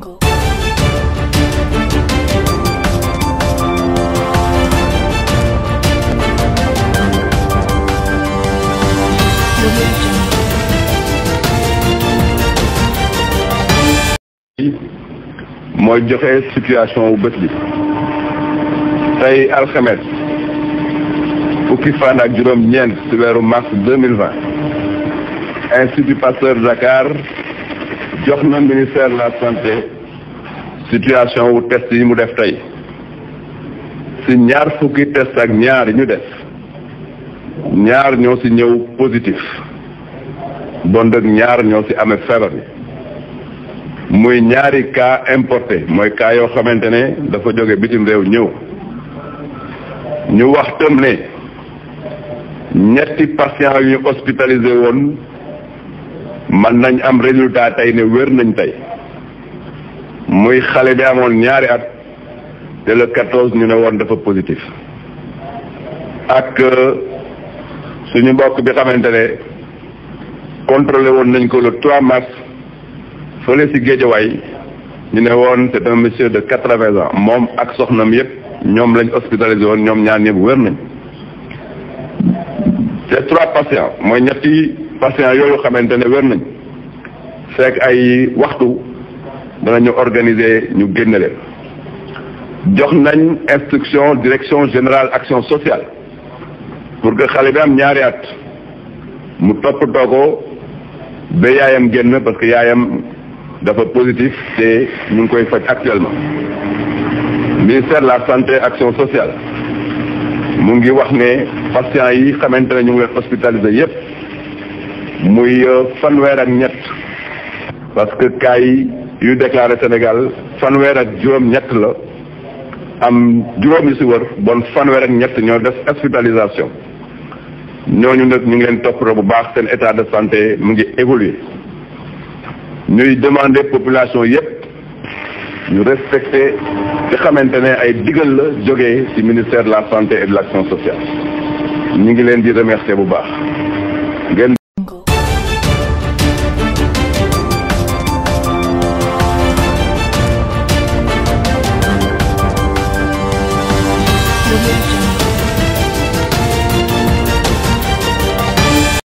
Jungle. mooy joxe situation wu bët bi tey alxames fukki fan ak juróom ñeent ci weeru mars deux mille vingt institut Pasteur jox na ministère de la santé situation wu test yi mu def tey si ñaar fukki test ak ñaar yi ñu def ñaar ñoo ci ñëw positif bon dëgg ñaar ñoo ci amee feebar bi muy ñaari cas importé mooy cas yoo xamante ne dafa jóge bitim réew ñëw ñu wax tam ne ñetti patient yu ñu hospitalisé woon man nañ am résultat tey ne wér nañ tey muy xale bi amoon ñaari at te le quatorze ñu ne woon dafa positif ak euh, suñu mbokk bi xamante ne contrôlé woon nañ ko le 3 mars fële si Géejawaay ñu ne woon c'est un monsieur de quatre-vingts ans moom ak soxnam yëpp ñoom lañ hospitalisé woon ñoom ñaar ñëpp wér nañ c'est trois patients mooy ñetti patient yooyu xamante ne wér nañ fekk ay waxtu ñu organiser ñu génne leen jox nañ instruction direction générale action sociale pour que xale bi am ñaari at mu topp ko ba yaayam génn parce que yaayam dafa positif te ñu ngi koy faj actuellement ministère de la santé action sociale mu ngi wax ne patients yi xamante ne ñu ngi leen hospitalisé yépp muy euh, fanweer ak ñett parce que cas yu déclaré Sénégal fanweer ak juróom-ñett la am juróom yu si wër bon fanweer ak ñett ñoo def hospitalisation ñooñu nag ñu ngi leen toppatoo bu baax ten état de santé mu ngi évoluer ñuy demander population yépp ñu respecté ci xamante ne ay digal la jóge ci ministère de la santé et de l'action sociale ñu ngi leen di remercier bu baax.